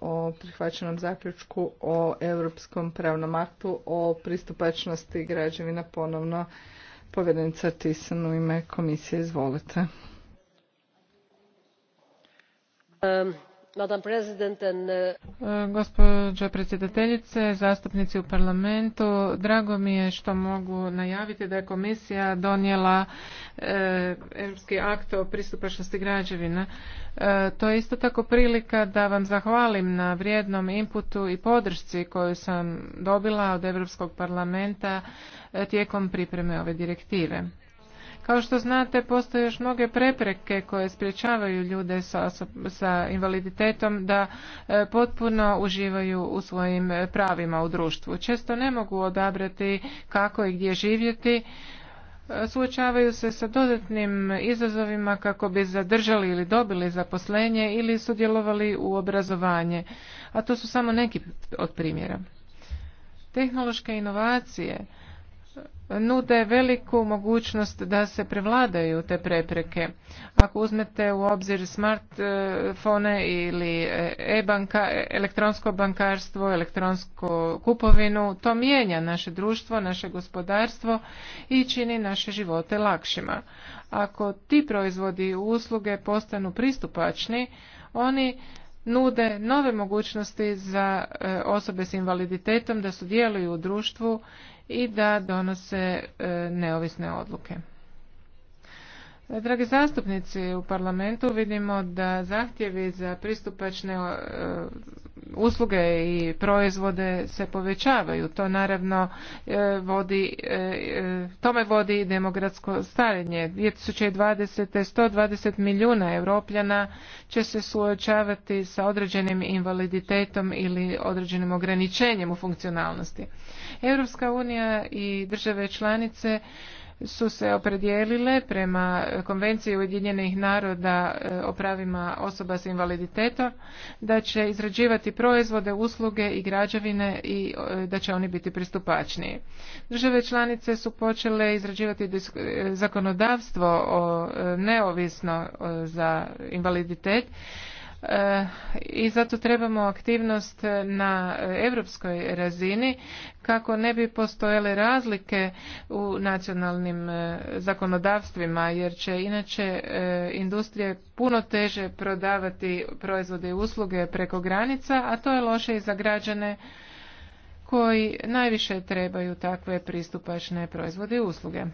o prihvaćenom zaključku o Europskom pravnom aktu o pristupačnosti građevina ponovno povjerenica Tisan u ime komisije. Izvolite. Um, Uh, e, gospođo predsjedateljice zastupnici u parlamentu drago mi je što mogu najaviti da je komisija donijela e, europski akt o pristupačnosti građevina e, to je isto tako prilika da vam zahvalim na vrijednom inputu i podršci koju sam dobila od europskog parlamenta tijekom pripreme ove direktive kao što znate, postoje još mnoge prepreke koje spriječavaju ljude sa, sa invaliditetom da e, potpuno uživaju u svojim e, pravima u društvu. Često ne mogu odabrati kako i gdje živjeti, e, suočavaju se sa dodatnim izazovima kako bi zadržali ili dobili zaposlenje ili sudjelovali u obrazovanje, a to su samo neki od primjera. Tehnološke inovacije nude veliku mogućnost da se prevladaju te prepreke. Ako uzmete u obzir smartfone ili e-banka, elektronsko bankarstvo, elektronsku kupovinu, to mijenja naše društvo, naše gospodarstvo i čini naše živote lakšima. Ako ti proizvodi i usluge postanu pristupačni, oni nude nove mogućnosti za e, osobe s invaliditetom da sudjeluju u društvu i da donose e, neovisne odluke. Dragi zastupnici u parlamentu, vidimo da zahtjevi za pristupačne e, usluge i proizvode se povećavaju. To naravno e, vodi, e, tome vodi i demokratsko starenje. 2020. 120 milijuna europljana će se suočavati sa određenim invaliditetom ili određenim ograničenjem u funkcionalnosti. Europska unija i države članice su se opredijelile prema Konvenciji Ujedinjenih naroda e, o pravima osoba s invaliditetom da će izrađivati proizvode, usluge i građevine i e, da će oni biti pristupačniji. Države članice su počele izrađivati e, zakonodavstvo o neovisno za invaliditet E, i zato trebamo aktivnost na europskoj razini kako ne bi postojale razlike u nacionalnim e, zakonodavstvima jer će inače e, industrije puno teže prodavati proizvode i usluge preko granica a to je loše i za građane koji najviše trebaju takve pristupačne proizvode i usluge.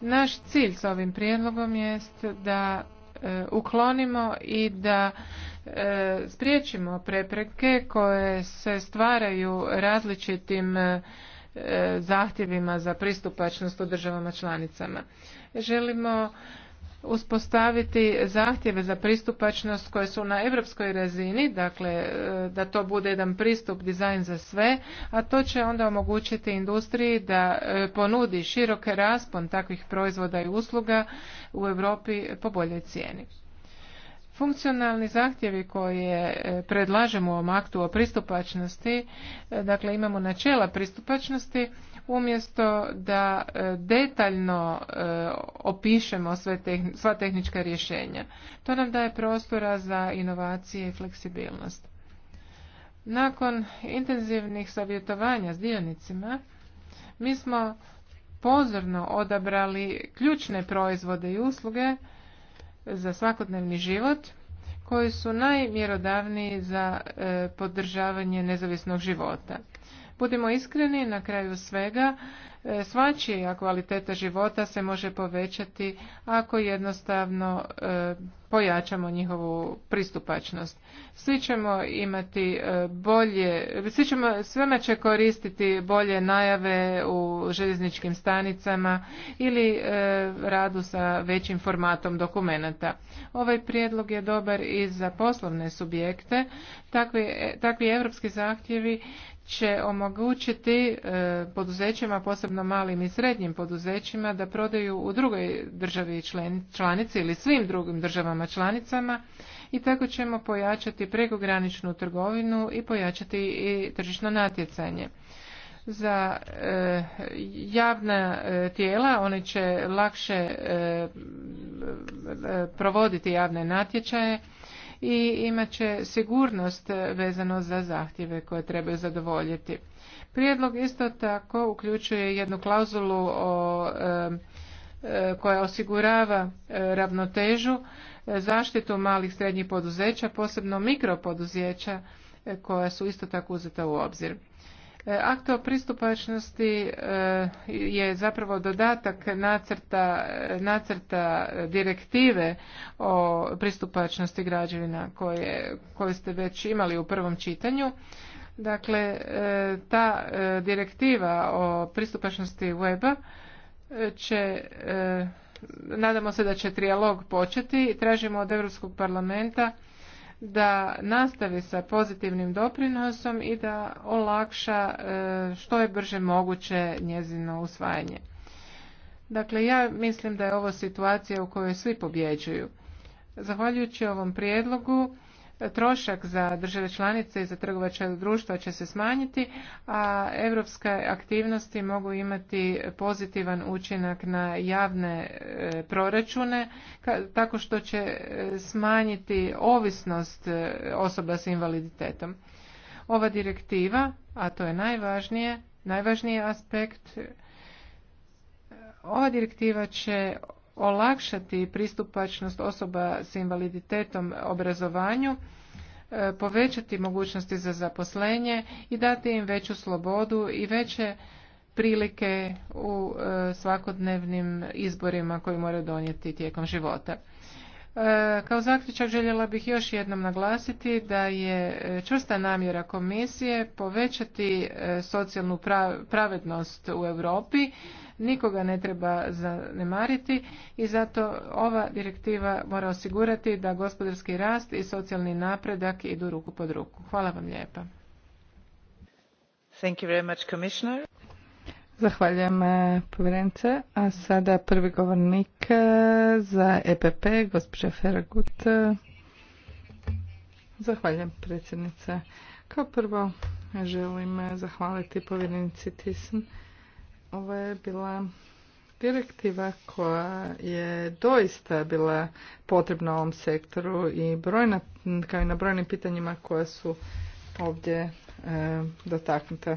Naš cilj s ovim prijedlogom jest da E, uklonimo i da e, spriječimo prepreke koje se stvaraju različitim e, zahtjevima za pristupačnost u državama članicama. Želimo uspostaviti zahtjeve za pristupačnost koje su na europskoj razini, dakle e, da to bude jedan pristup dizajn za sve, a to će onda omogućiti industriji da e, ponudi široki raspon takvih proizvoda i usluga u Europi po boljoj cijeni. Funkcionalni zahtjevi koje e, predlažemo u ovom aktu o pristupačnosti, dakle imamo načela pristupačnosti, umjesto da e, detaljno e, opišemo sve sva tehnička rješenja. To nam daje prostora za inovacije i fleksibilnost. Nakon intenzivnih savjetovanja s dionicima, mi smo pozorno odabrali ključne proizvode i usluge za svakodnevni život koji su najmjerodavniji za e, podržavanje nezavisnog života. Budimo iskreni, na kraju svega, e, svačija kvaliteta života se može povećati ako jednostavno e, pojačamo njihovu pristupačnost. Svi ćemo imati e, bolje, svi ćemo, svema će koristiti bolje najave u željezničkim stanicama ili radu sa većim formatom dokumenata. Ovaj prijedlog je dobar i za poslovne subjekte. Takvi, takvi evropski zahtjevi će omogućiti e, poduzećima, posebno malim i srednjim poduzećima, da prodaju u drugoj državi članici ili svim drugim državama članicama i tako ćemo pojačati prekograničnu trgovinu i pojačati i tržišno natjecanje. Za e, javna e, tijela oni će lakše provoditi javne natječaje i imat će sigurnost vezano za zahtjeve koje trebaju zadovoljiti. Prijedlog isto tako uključuje jednu klauzulu o e, koja osigurava e, ravnotežu e, zaštitu malih srednjih poduzeća, posebno mikropoduzeća koja su isto tako uzeta u obzir. E, akt o pristupačnosti e, je zapravo dodatak nacrta, nacrta direktive o pristupačnosti građevina koje, ste već imali u prvom čitanju. Dakle, e, ta direktiva o pristupačnosti weba će nadamo se da će trijalog početi i tražimo od Europskog parlamenta da nastavi sa pozitivnim doprinosom i da olakša e, što je brže moguće njezino usvajanje. Dakle, ja mislim da je ovo situacija u kojoj svi pobjeđuju. Zahvaljujući ovom prijedlogu, trošak za države članice i za trgovačka društva će se smanjiti, a europske aktivnosti mogu imati pozitivan učinak na javne e, proračune tako što će e, smanjiti ovisnost e, osoba s invaliditetom. Ova direktiva, a to je najvažnije, najvažniji aspekt ova direktiva će olakšati pristupačnost osoba s invaliditetom obrazovanju, e, povećati mogućnosti za zaposlenje i dati im veću slobodu i veće prilike u e, svakodnevnim izborima koji moraju donijeti tijekom života. E, kao zaključak željela bih još jednom naglasiti da je čvrsta namjera komisije povećati socijalnu pravednost u Europi nikoga ne treba zanemariti i zato ova direktiva mora osigurati da gospodarski rast i socijalni napredak idu ruku pod ruku. Hvala vam lijepa. Thank you very much, Commissioner. Zahvaljujem eh, povjerenice. A sada prvi govornik eh, za EPP, gospođa Feragut. Zahvaljujem predsjednice. Kao prvo želim eh, zahvaliti povjerenici TISN. Ovo je bila direktiva koja je doista bila potrebna ovom sektoru i brojna, kao i na brojnim pitanjima koja su ovdje e, dotaknuta.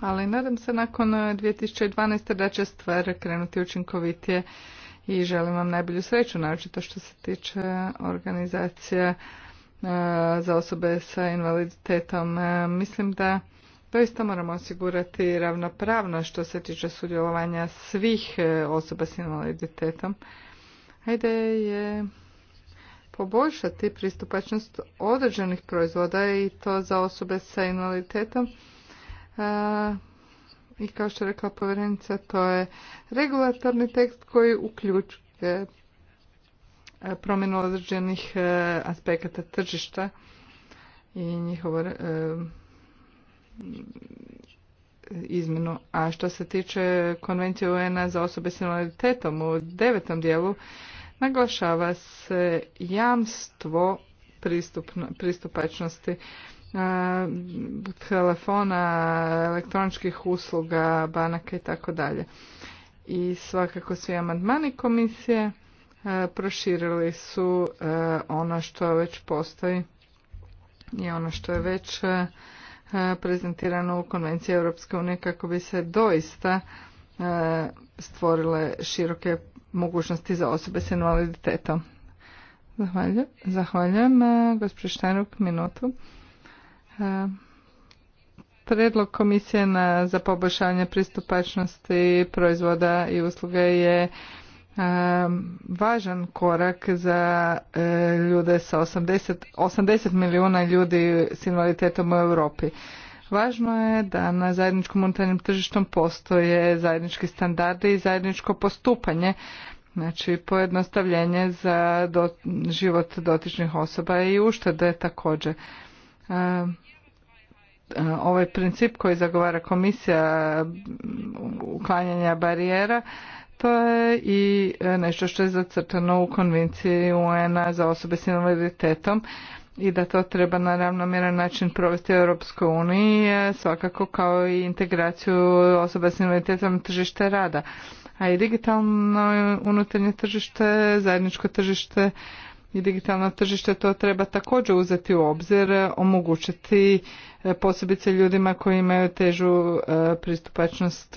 Ali nadam se nakon 2012. da će stvar krenuti učinkovitije i želim vam najbolju sreću, naročito što se tiče organizacija e, za osobe sa invaliditetom. E, mislim da Doista moramo osigurati ravnopravno što se tiče sudjelovanja svih e, osoba s invaliditetom. Ajde je poboljšati pristupačnost određenih proizvoda i to za osobe sa invaliditetom. E, I kao što je rekla povjerenica, to je regulatorni tekst koji uključuje e, promjenu određenih aspekata tržišta i njihovo izmenu, A što se tiče konvencije UN-a za osobe s invaliditetom u devetom dijelu naglašava se jamstvo pristupačnosti telefona, elektroničkih usluga, banaka i tako dalje. I svakako svi amandmani komisije proširili su ono što već postoji i ono što je već E, prezentirano u Konvenciji Europske unije kako bi se doista e, stvorile široke mogućnosti za osobe s invaliditetom. Zahvaljujem. Zahvaljujem. E, Gospodin minutu. Predlog komisije na, za poboljšanje pristupačnosti proizvoda i usluge je Ehm, važan korak za e, ljude sa 80, 80 milijuna ljudi s invaliditetom u Europi. Važno je da na zajedničkom unutarnjem tržištom postoje zajednički standardi i zajedničko postupanje, znači pojednostavljenje za život dotičnih osoba i uštede također. Ehm, e, ovaj princip koji zagovara komisija uklanjanja barijera to je e, i e, nešto što je zacrtano u konvenciji UN-a za osobe s invaliditetom i da to treba na ravnomjeran način provesti u Europskoj uniji, e, svakako kao i integraciju osoba s invaliditetom tržište rada. A i digitalno unutarnje tržište, zajedničko tržište i digitalno tržište to treba također uzeti u obzir, e, omogućiti e, posebice ljudima koji imaju težu e, pristupačnost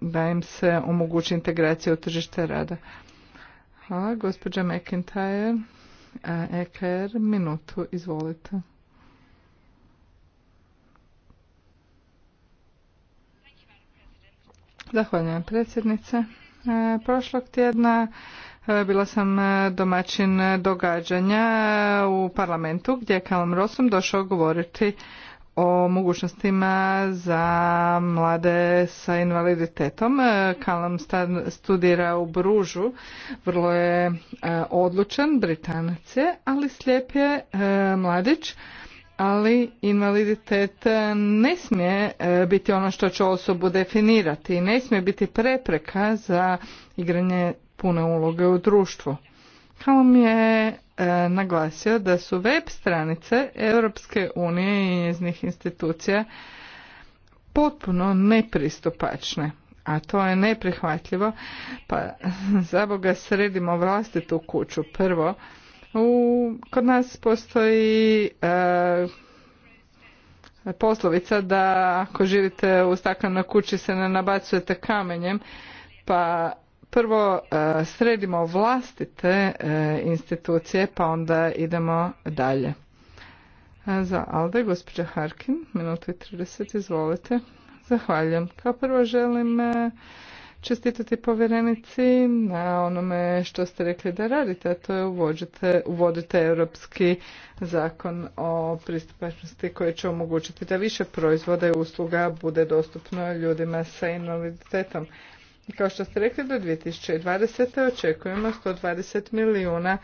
da im se omogući integracija u tržište rada. Hvala, gospođa McIntyre, EKR, minutu, izvolite. Zahvaljujem predsjednice. Prošlog tjedna E, bila sam e, domaćin e, događanja u parlamentu gdje je Rossom došao govoriti o mogućnostima za mlade sa invaliditetom. Kalom studira u Bružu, vrlo je odlučan, britanac je, ali slijep je mladić ali invaliditet ne smije biti ono što će osobu definirati, ne smije biti prepreka za igranje pune uloge u društvu. mi je e, naglasio da su web stranice Europske unije i njeznih institucija potpuno nepristupačne, a to je neprihvatljivo, pa za Boga sredimo vlastitu kuću prvo. U, kod nas postoji e, poslovica da ako živite u staklenoj kući se ne nabacujete kamenjem, pa prvo e, sredimo vlastite e, institucije pa onda idemo dalje. E, za Alde, gospođa Harkin, minutu i 30, izvolite. Zahvaljujem. Kao prvo želim čestitati povjerenici na onome što ste rekli da radite, a to je uvodite europski zakon o pristupačnosti koji će omogućiti da više proizvoda i usluga bude dostupno ljudima sa invaliditetom. Kao što ste rekli, do 2020. očekujemo 120 milijuna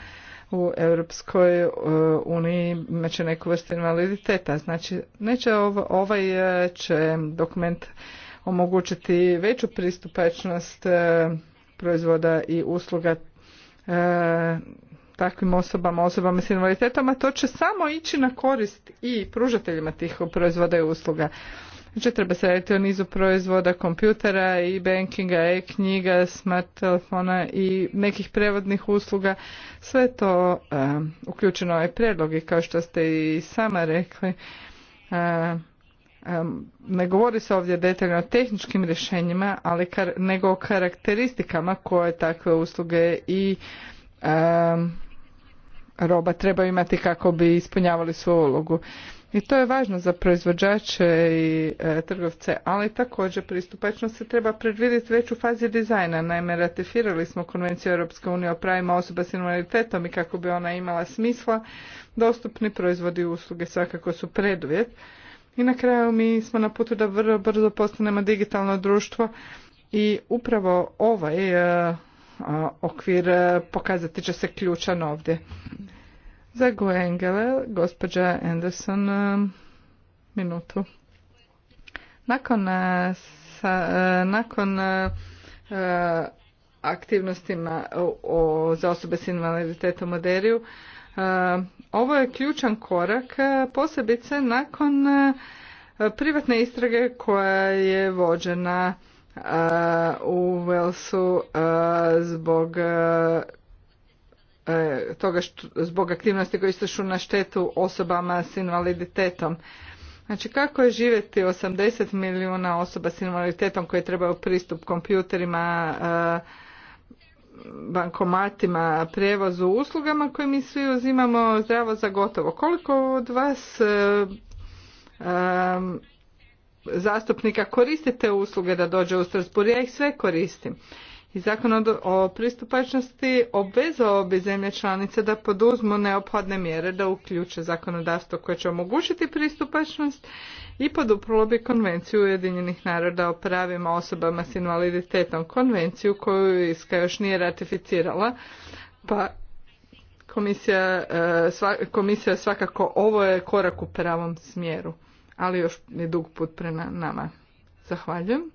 u Europskoj e, uniji imaće neku vrstu invaliditeta. Znači, neće ovaj e, će dokument omogućiti veću pristupačnost e, proizvoda i usluga takvim osobama, osobama s invaliditetom, a to će samo ići na korist i pružateljima tih proizvoda i usluga. Znači, treba se raditi o nizu proizvoda kompjutera i bankinga, e-knjiga, smart telefona i nekih prevodnih usluga. Sve to uh, uključeno ovaj predlog i kao što ste i sama rekli, e, e, ne govori se ovdje detaljno o tehničkim rješenjima, ali kar, nego o karakteristikama koje takve usluge i roba treba imati kako bi ispunjavali svoju ulogu. I to je važno za proizvođače i e, trgovce, ali također pristupačno se treba predvidjeti već u fazi dizajna. Naime, ratifirali smo Konvenciju Europske unije o pravima osoba s invaliditetom i kako bi ona imala smisla, dostupni proizvodi i usluge svakako su preduvjet. I na kraju mi smo na putu da vrlo brzo postanemo digitalno društvo i upravo ovaj e, okvir e, pokazati će se ključan ovdje. Za Goengele, gospođa Anderson, e, minutu. Nakon, e, nakon aktivnostima o, za osobe s invaliditetom u Deriju, ovo je ključan korak, posebice nakon privatne istrage koja je vođena u Velsu e, zbog e, e, toga što, zbog aktivnosti koje su na štetu osobama s invaliditetom. Znači kako je živjeti 80 milijuna osoba s invaliditetom koje trebaju pristup kompjuterima, bankomatima, prijevozu, uslugama koje mi svi uzimamo zdravo za gotovo. Koliko od vas zastupnika koristi te usluge da dođe u Strasbourg, ja ih sve koristim. I zakon o pristupačnosti obvezao bi zemlje članice da poduzmu neophodne mjere da uključe zakonodavstvo koje će omogućiti pristupačnost i poduprlo bi konvenciju Ujedinjenih naroda o pravima osobama s invaliditetom, konvenciju koju Iska još nije ratificirala, pa komisija, e, komisija svakako ovo je korak u pravom smjeru ali još je dug put prema nama. Zahvaljujem.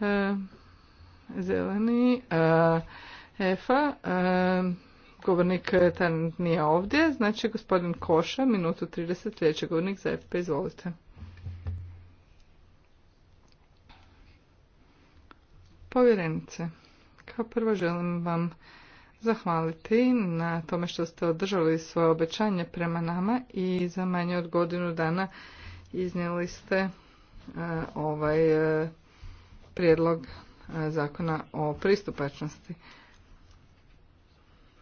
E, zeleni. E, Efa. E, govornik nije ovdje. Znači, gospodin Koša, minutu 30, sljedeći govornik za FP, izvolite. Povjerenice, kao prvo želim vam zahvaliti na tome što ste održali svoje obećanje prema nama i za manje od godinu dana iznijeli ste e, ovaj e, prijedlog e, zakona o pristupačnosti.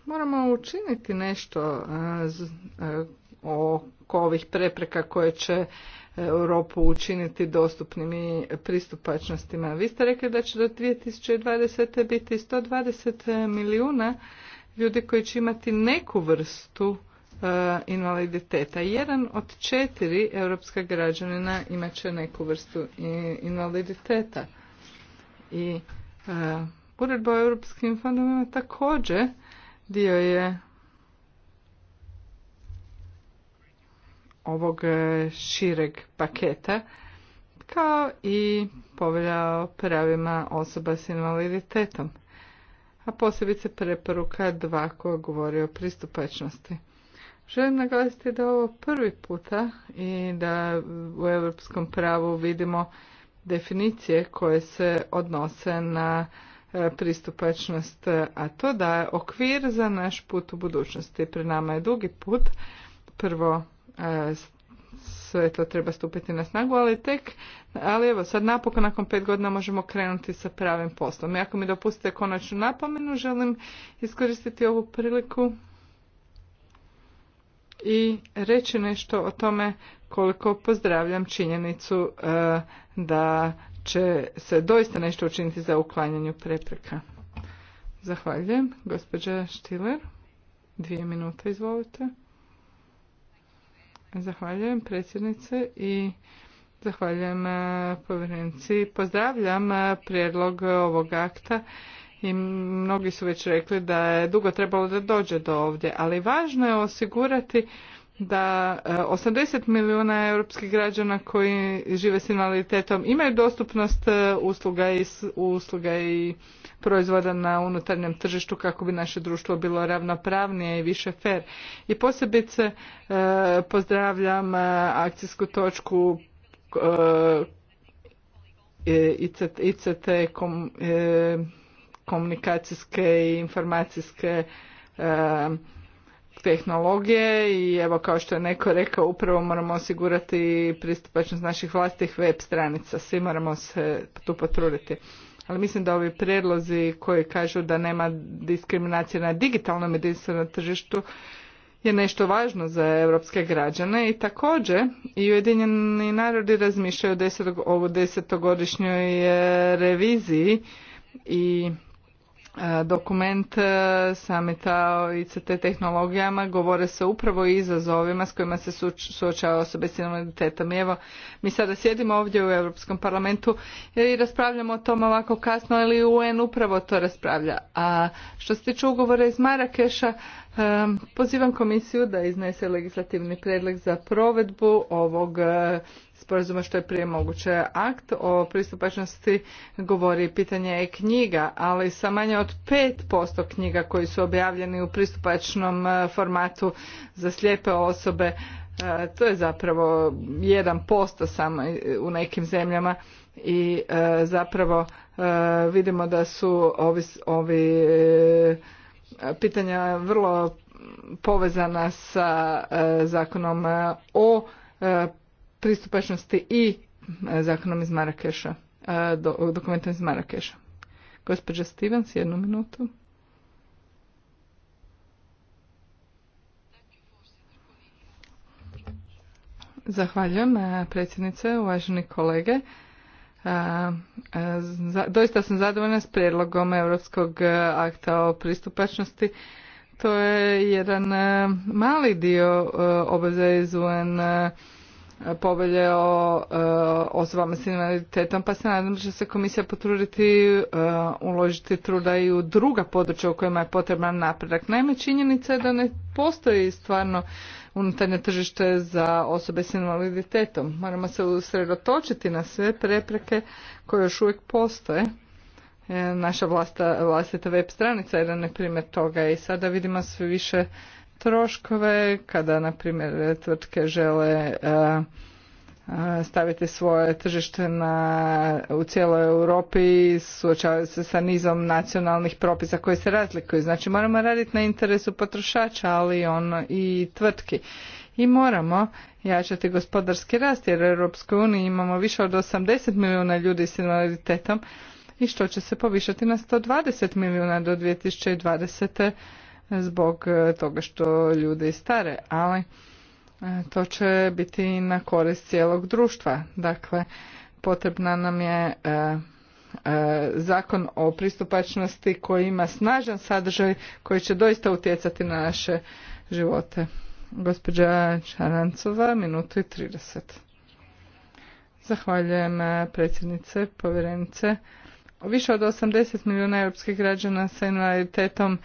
Moramo učiniti nešto oko ovih prepreka koje će Europu učiniti dostupnim i pristupačnostima. Vi ste rekli da će do 2020. biti 120 milijuna ljudi koji će imati neku vrstu eh, invaliditeta. Jedan od četiri europska građanina imat će neku vrstu invaliditeta. I eh, uredba o europskim fondovima također dio je ovog e, šireg paketa kao i povelja o pravima osoba s invaliditetom, a posebice preporuka dva koja govori o pristupačnosti. Želim naglasiti da ovo prvi puta i da u europskom pravu vidimo definicije koje se odnose na e, pristupačnost, a to daje okvir za naš put u budućnosti. Pred nama je dugi put. Prvo sve to treba stupiti na snagu, ali tek, ali evo, sad napokon nakon pet godina možemo krenuti sa pravim poslom. I ako mi dopustite konačnu napomenu, želim iskoristiti ovu priliku i reći nešto o tome koliko pozdravljam činjenicu e, da će se doista nešto učiniti za uklanjanju prepreka. Zahvaljujem. Gospođa Štiler, dvije minute, izvolite. Zahvaljujem predsjednice i zahvaljujem e, povjerenici. Pozdravljam e, prijedlog ovog akta i mnogi su već rekli da je dugo trebalo da dođe do ovdje, ali važno je osigurati da 80 e, milijuna europskih građana koji žive s invaliditetom imaju dostupnost e, usluga i, usluga i proizvoda na unutarnjem tržištu kako bi naše društvo bilo ravnopravnije i više fer. I posebice e, pozdravljam akcijsku točku ICT, komunikacijske i informacijske tehnologije i evo kao što je neko rekao upravo moramo osigurati pristupačnost naših vlastitih web stranica. Svi moramo se tu potruditi. Ali mislim da ovi prijedlozi koji kažu da nema diskriminacije na digitalnom jedinstvenom tržištu je nešto važno za europske građane i također i Ujedinjeni narodi razmišljaju o deset, ovu desetogodišnjoj eh, reviziji i E, dokument e, samita o ICT tehnologijama govore se upravo i izazovima s kojima se suočava osobe s invaliditetom. evo, mi sada sjedimo ovdje u Europskom parlamentu i raspravljamo o tom ovako kasno, ali UN upravo to raspravlja. A što se tiče ugovora iz Marakeša, e, pozivam komisiju da iznese legislativni predlog za provedbu ovog sporazuma što je prije moguće. Akt o pristupačnosti govori pitanje knjiga, ali sa manje od 5% knjiga koji su objavljeni u pristupačnom e, formatu za slijepe osobe, e, to je zapravo 1% samo u nekim zemljama i e, zapravo vidimo da su ovi, ovi pitanja vrlo povezana sa zakonom o pristupačnosti i e, zakonom iz Marakeša, e, dokumentom iz Marakeša. Gospođa Stevens, jednu minutu. Zahvaljujem e, predsjednice, uvaženi kolege. Doista sam zadovoljna s prijedlogom Europskog akta o pristupačnosti. To je jedan mali dio obaveza iz UN povelje o e, osobama s invaliditetom, pa se nadam da će se komisija potruditi e, uložiti truda i u druga područja u kojima je potreban napredak. Naime, činjenica je da ne postoji stvarno unutarnje tržište za osobe s invaliditetom. Moramo se usredotočiti na sve prepreke koje još uvijek postoje. E, naša vlastita web stranica je jedan primjer toga i sada vidimo sve više troškove, kada, na primjer, tvrtke žele e, e, staviti svoje tržište na, u cijeloj Europi suočavaju se sa nizom nacionalnih propisa koji se razlikuju. Znači moramo raditi na interesu potrošača, ali on i tvrtki. I moramo jačati gospodarski rast jer u Europskoj uniji imamo više od 80 milijuna ljudi s invaliditetom i što će se povišati na 120 milijuna do 2020 zbog e, toga što ljudi stare, ali e, to će biti na korist cijelog društva. Dakle, potrebna nam je e, zakon o pristupačnosti koji ima snažan sadržaj koji će doista utjecati na naše živote. Gospođa Čarancova, minutu i 30. Zahvaljujem predsjednice, povjerenice. Više od 80 milijuna europskih građana sa invaliditetom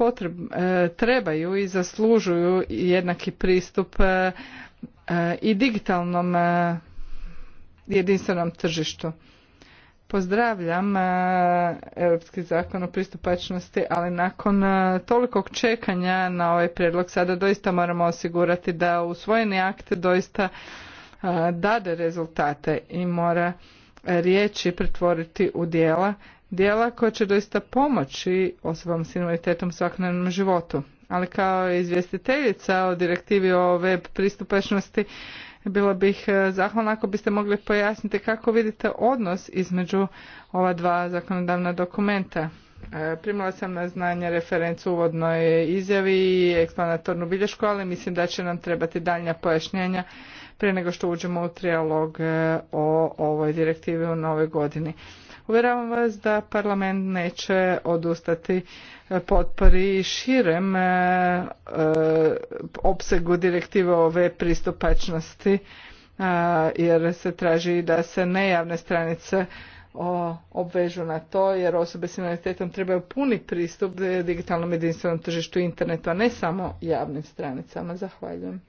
potreb, e, trebaju i zaslužuju jednaki pristup e, e, i digitalnom jedinstvenom tržištu. Pozdravljam Europski zakon o pristupačnosti, ali nakon tolikog čekanja na ovaj prijedlog sada doista moramo osigurati da usvojeni akte doista dade rezultate i mora riječi pretvoriti u dijela dijela koja će doista pomoći osobama s invaliditetom u svakodnevnom životu. Ali kao izvjestiteljica o direktivi o web pristupačnosti bila bih e, zahvalna ako biste mogli pojasniti kako vidite odnos između ova dva zakonodavna dokumenta. E, Primala sam na znanje referencu uvodnoj izjavi i eksplanatornu bilješku, ali mislim da će nam trebati daljnja pojašnjenja prije nego što uđemo u trijalog e, o ovoj direktivi u nove godini. Uvjeravam vas da parlament neće odustati potpori širem e, e, opsegu direktive ove pristupačnosti e, jer se traži da se nejavne stranice obvežu na to jer osobe s invaliditetom trebaju puni pristup digitalnom jedinstvenom tržištu internetu, a ne samo javnim stranicama. Zahvaljujem.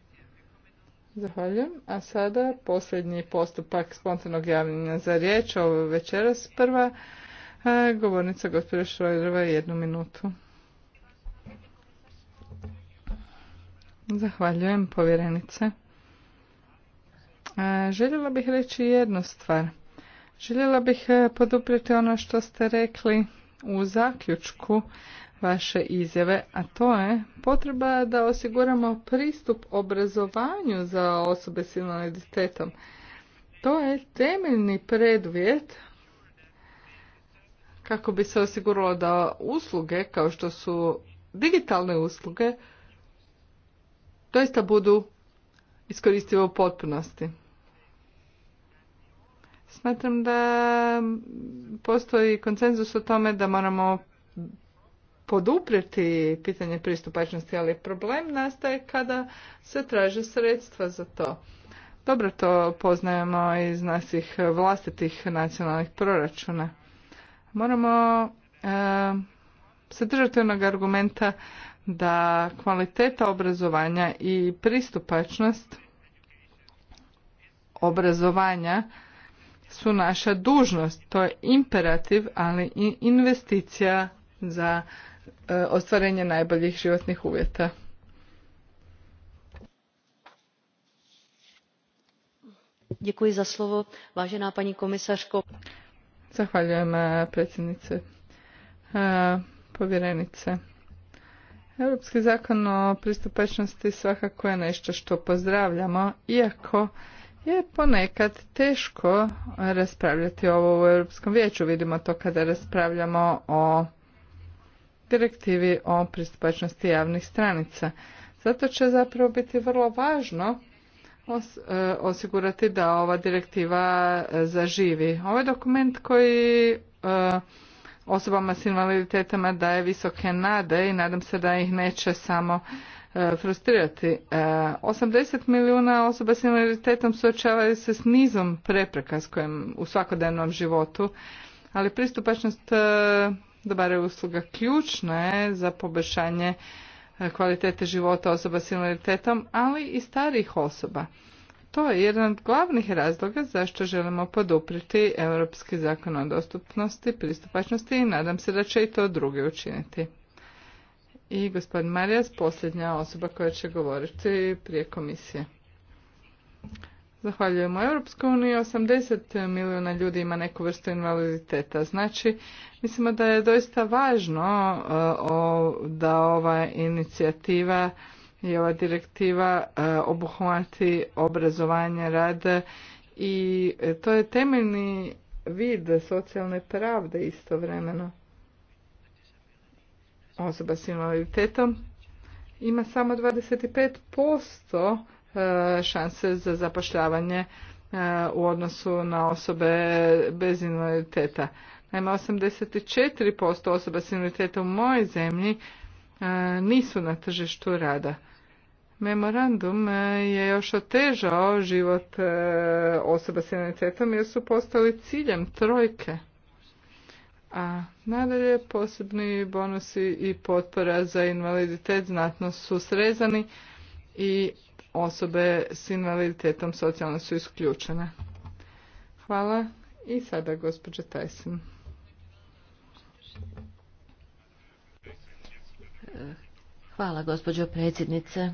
Zahvaljujem. A sada posljednji postupak spontanog javljanja za riječ. Ovo je večeras prva e, govornica gospođa Šrojderova jednu minutu. Zahvaljujem povjerenice. E, željela bih reći jednu stvar. Željela bih e, poduprijeti ono što ste rekli u zaključku vaše izjave, a to je potreba da osiguramo pristup obrazovanju za osobe s invaliditetom. To je temeljni preduvjet kako bi se osiguralo da usluge kao što su digitalne usluge doista budu iskoristive u potpunosti. Smatram da postoji konsenzus o tome da moramo poduprijeti pitanje pristupačnosti, ali problem nastaje kada se traže sredstva za to. Dobro to poznajemo iz naših vlastitih nacionalnih proračuna. Moramo e, se držati onog argumenta da kvaliteta obrazovanja i pristupačnost obrazovanja su naša dužnost. To je imperativ, ali i investicija za E, ostvarenje najboljih životnih uvjeta. Děkuji za slovo, vážená paní komisařko. Zahvaljujem e, predsjednice e, povjerenice. Europski zakon o pristupačnosti svakako je nešto što pozdravljamo, iako je ponekad teško raspravljati ovo u Europskom vijeću. Vidimo to kada raspravljamo o direktivi o pristupačnosti javnih stranica. Zato će zapravo biti vrlo važno e, osigurati da ova direktiva e, zaživi. Ovo je dokument koji e, osobama s invaliditetama daje visoke nade i nadam se da ih neće samo frustrirati. 80 milijuna osoba s invaliditetom suočavaju se s nizom prepreka s kojim u svakodnevnom životu, ali pristupačnost dobara usluga ključna je za poboljšanje e, kvalitete života osoba s invaliditetom, ali i starih osoba. To je jedan od glavnih razloga zašto želimo podupriti Europski zakon o dostupnosti, pristupačnosti i nadam se da će i to drugi učiniti. I gospodin Marijas, posljednja osoba koja će govoriti prije komisije. Zahvaljujemo. Europskoj unija 80 milijuna ljudi ima neku vrstu invaliditeta. Znači, mislimo da je doista važno e, da ova inicijativa i ova direktiva e, obuhvati obrazovanje, rad i to je temeljni vid socijalne pravde istovremeno. Osoba s invaliditetom ima samo 25% E, šanse za zapošljavanje e, u odnosu na osobe bez invaliditeta. Naime, 84% osoba s invaliditetom u mojoj zemlji e, nisu na tržištu rada. Memorandum je još otežao život osoba s invaliditetom jer su postali ciljem trojke. A nadalje posebni bonusi i potpora za invaliditet znatno su srezani i osobe s invaliditetom socijalno su isključene. Hvala i sada gospođa Tyson. Hvala gospođo predsjednice.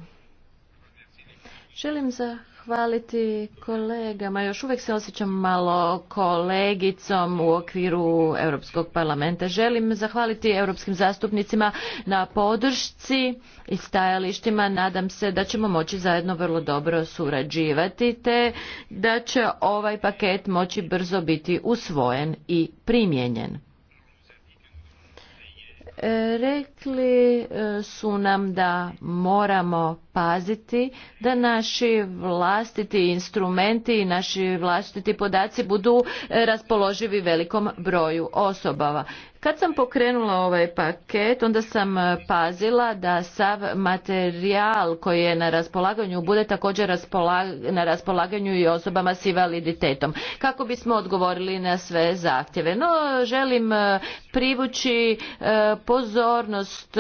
Želim za zahvaliti kolegama. Još uvijek se osjećam malo kolegicom u okviru Europskog parlamenta. Želim zahvaliti europskim zastupnicima na podršci i stajalištima. Nadam se da ćemo moći zajedno vrlo dobro surađivati te da će ovaj paket moći brzo biti usvojen i primijenjen. E, rekli e, su nam da moramo paziti da naši vlastiti instrumenti i naši vlastiti podaci budu e, raspoloživi velikom broju osobava. Kad sam pokrenula ovaj paket, onda sam e, pazila da sav materijal koji je na raspolaganju bude također na raspolaganju i osobama s invaliditetom, kako bismo odgovorili na sve zahtjeve. No, želim e, privući pozornost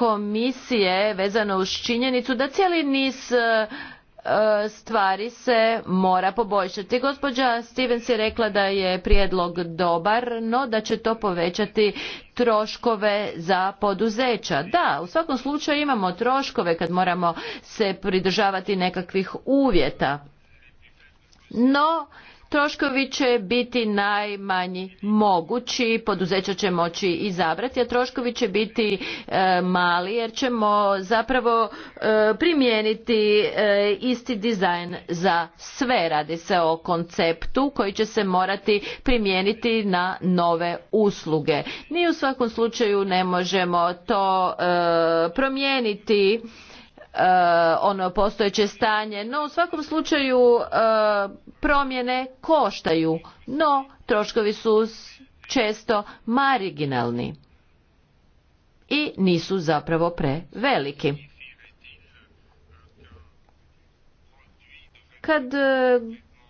komisije vezano uz činjenicu da cijeli niz e, e, stvari se mora poboljšati. Gospođa Stevens je rekla da je prijedlog dobar, no da će to povećati troškove za poduzeća. Da, u svakom slučaju imamo troškove kad moramo se pridržavati nekakvih uvjeta. No, troškovi će biti najmanji mogući, poduzeća će moći izabrati, a troškovi će biti e, mali jer ćemo zapravo e, primijeniti e, isti dizajn za sve. Radi se o konceptu koji će se morati primijeniti na nove usluge. Ni u svakom slučaju ne možemo to promijeniti E, ono postojeće stanje no u svakom slučaju e, promjene koštaju no troškovi su često marginalni i nisu zapravo preveliki kad e,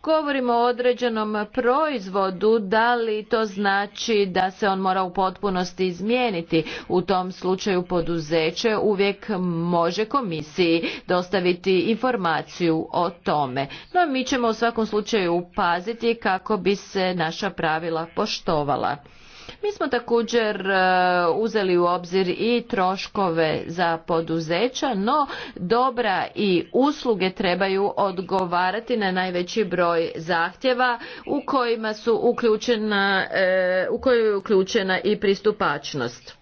govorimo o određenom proizvodu, da li to znači da se on mora u potpunosti izmijeniti? U tom slučaju poduzeće uvijek može komisiji dostaviti informaciju o tome. No mi ćemo u svakom slučaju paziti kako bi se naša pravila poštovala. Mi smo također e, uzeli u obzir i troškove za poduzeća, no dobra i usluge trebaju odgovarati na najveći broj zahtjeva u kojima su uključena, e, u kojoj je uključena i pristupačnost.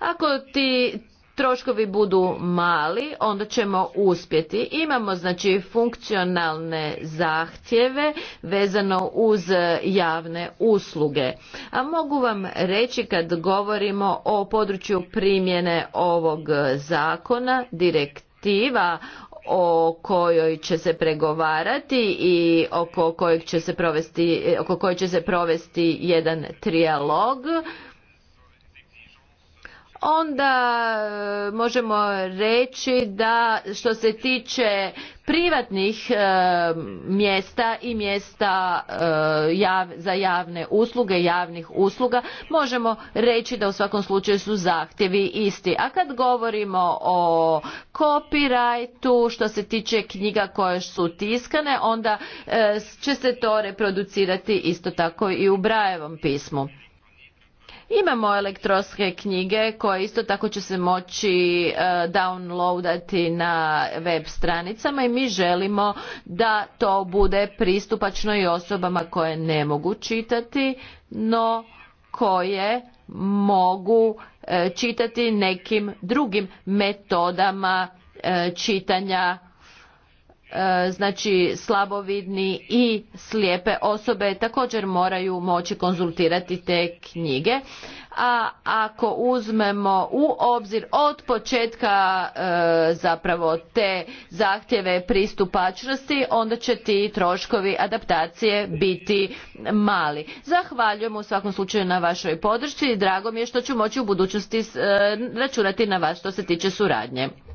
Ako ti troškovi budu mali, onda ćemo uspjeti. Imamo znači funkcionalne zahtjeve vezano uz javne usluge. A mogu vam reći kad govorimo o području primjene ovog zakona, direktiva o kojoj će se pregovarati i oko kojeg će se provesti, oko koje će se provesti jedan trijalog onda e, možemo reći da što se tiče privatnih e, mjesta i mjesta e, za javne usluge javnih usluga možemo reći da u svakom slučaju su zahtjevi isti a kad govorimo o copyrightu što se tiče knjiga koje su tiskane onda će se to reproducirati isto tako i u brajevom pismu Imamo elektronske knjige koje isto tako će se moći e, downloadati na web stranicama i mi želimo da to bude pristupačno i osobama koje ne mogu čitati, no koje mogu e, čitati nekim drugim metodama e, čitanja E, znači slabovidni i slijepe osobe također moraju moći konzultirati te knjige a ako uzmemo u obzir od početka e, zapravo te zahtjeve pristupačnosti onda će ti troškovi adaptacije biti mali. Zahvaljujem u svakom slučaju na vašoj podršci i drago mi je što ću moći u budućnosti e, računati na vas što se tiče suradnje.